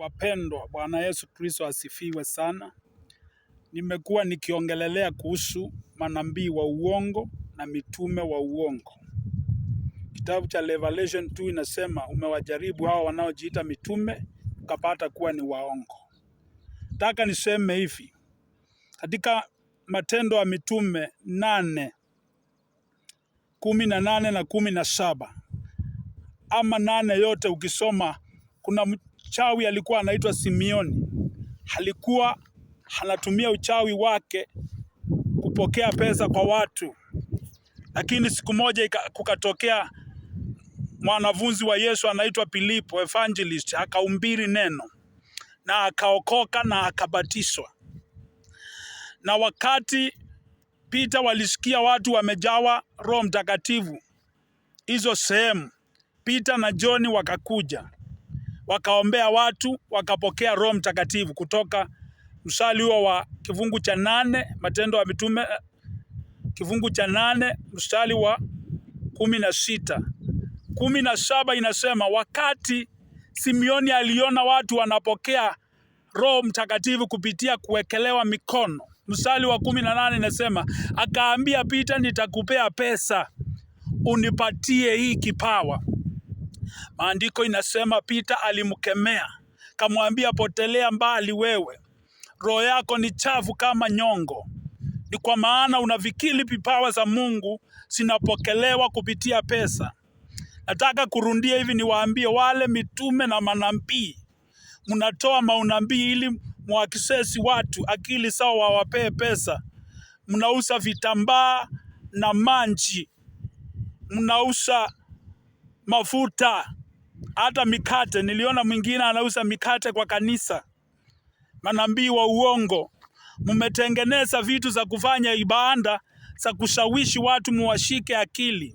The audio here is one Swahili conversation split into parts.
Wapendwa, Bwana Yesu Kristo asifiwe sana. Nimekuwa nikiongelelea kuhusu manabii wa uongo na mitume wa uongo. Kitabu cha Revelation 2 inasema umewajaribu hao wanaojiita mitume ukapata kuwa ni waongo. Nataka niseme hivi katika Matendo ya Mitume nane kumi na nane na kumi na saba ama nane yote ukisoma kuna mchawi alikuwa anaitwa Simioni, alikuwa anatumia uchawi wake kupokea pesa kwa watu, lakini siku moja kukatokea mwanafunzi wa Yesu anaitwa Filipo evangelist, akaumbiri neno na akaokoka na akabatishwa. Na wakati Pita walisikia watu wamejawa Roho Mtakatifu hizo sehemu, Pita na John wakakuja wakaombea watu, wakapokea Roho Mtakatifu kutoka mstari huo wa kifungu cha nane Matendo ya Mitume eh, kifungu cha nane mstari wa kumi na sita kumi na saba inasema wakati Simeoni aliona watu wanapokea Roho Mtakatifu kupitia kuwekelewa mikono. Mstari wa kumi na nane inasema akaambia Pita, nitakupea pesa unipatie hii kipawa Maandiko inasema Peter alimkemea, kamwambia potelea mbali wewe, roho yako ni chafu kama nyongo. Ni kwa maana unavikili vipawa za Mungu zinapokelewa kupitia pesa. Nataka kurundia hivi niwaambie wale mitume na manabii, mnatoa maunabii ili mwakisesi watu akili sawa wawapee pesa. Mnauza vitambaa na manji, mnauza mafuta, hata mikate. Niliona mwingine anauza mikate kwa kanisa. Manabii wa uongo, mmetengeneza vitu za kufanya ibada za kushawishi watu muwashike akili.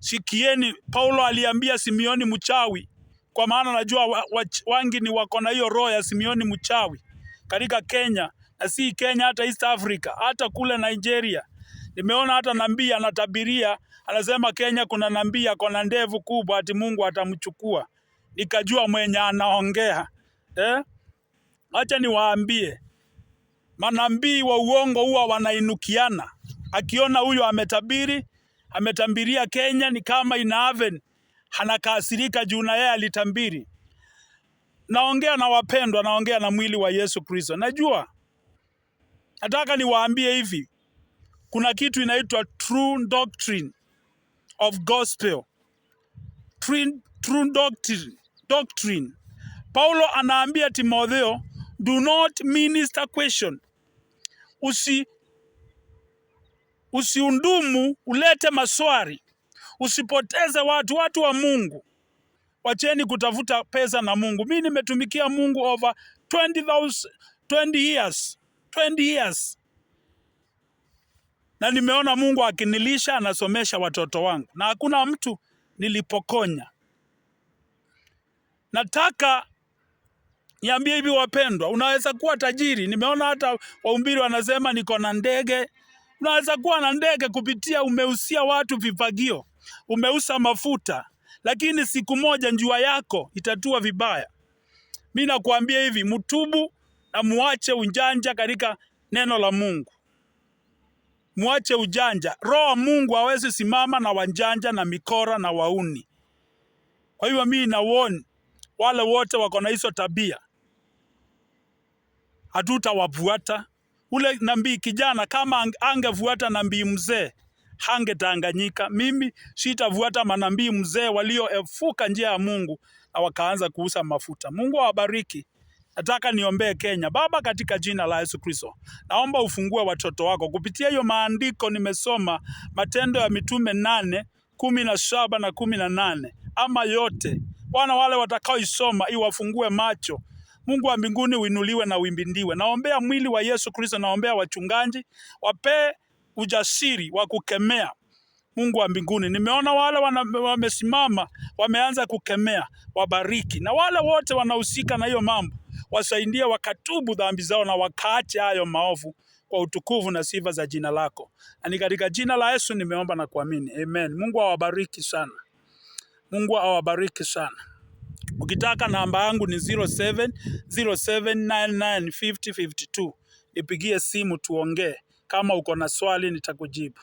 Sikieni, Paulo aliambia Simioni mchawi, kwa maana najua wangi ni wako na hiyo roho ya Simioni mchawi katika Kenya na si Kenya, hata East Africa, hata kule Nigeria. Nimeona hata nabii anatabiria, anasema Kenya kuna nabii ako na ndevu kubwa ati Mungu atamchukua. Nikajua mwenye anaongea eh? Acha niwaambie, manabii wa uongo huwa wanainukiana. Akiona huyo ametabiri, ametambiria Kenya ni kama ina oven, anakasirika juu na yeye alitambiri. Naongea na wapendwa, naongea na mwili wa Yesu Kristo. Najua nataka niwaambie hivi, kuna kitu inaitwa true doctrine of gospel. True, true doctrine, doctrine. Paulo anaambia Timotheo, do not minister question. Usi usiundumu ulete maswali, usipoteze watu, watu wa Mungu. Wacheni kutafuta pesa na Mungu. Mimi nimetumikia Mungu over 20, 20 years 20 years na nimeona Mungu akinilisha, anasomesha watoto wangu, na hakuna mtu nilipokonya. Nataka niambie hivi, wapendwa, unaweza kuwa tajiri. Nimeona hata waumbiri wanasema niko na ndege. Unaweza kuwa na ndege kupitia umeusia watu vifagio, umeusa mafuta, lakini siku moja njua yako itatua vibaya. Mi nakuambia hivi, mtubu na muache unjanja katika neno la Mungu. Mwache ujanja. Roho wa Mungu awezi simama na wanjanja na mikora na wauni. Kwa hivyo mimi nawaona wale wote wako na hizo tabia, hatutawavuata. Ule nambii kijana kama angevuata nambii mzee hangetanganyika. Mimi sitavuata manambii mzee walioefuka njia ya Mungu na wakaanza kuuza mafuta. Mungu awabariki. Nataka niombee Kenya. Baba, katika jina la Yesu Kristo, naomba ufungue watoto wako kupitia hiyo maandiko nimesoma, Matendo ya Mitume nane kumi na saba na kumi na nane ama yote Bwana, wale watakaoisoma iwafungue macho. Mungu wa mbinguni uinuliwe na uimbindiwe. Naombea mwili wa Yesu Kristo, naombea wachungaji, wapee ujasiri wa kukemea Mungu wa mbinguni, nimeona wale wamesimama wameanza kukemea, wabariki na wale wote wanahusika na hiyo mambo wasaidie wakatubu dhambi zao na wakaache hayo maovu kwa utukufu na sifa za jina lako. Na ni katika jina la Yesu nimeomba na kuamini. Amen. Mungu awabariki sana. Mungu awabariki sana. Ukitaka namba yangu ni 0707995052. Nipigie simu tuongee. Kama uko na swali nitakujibu.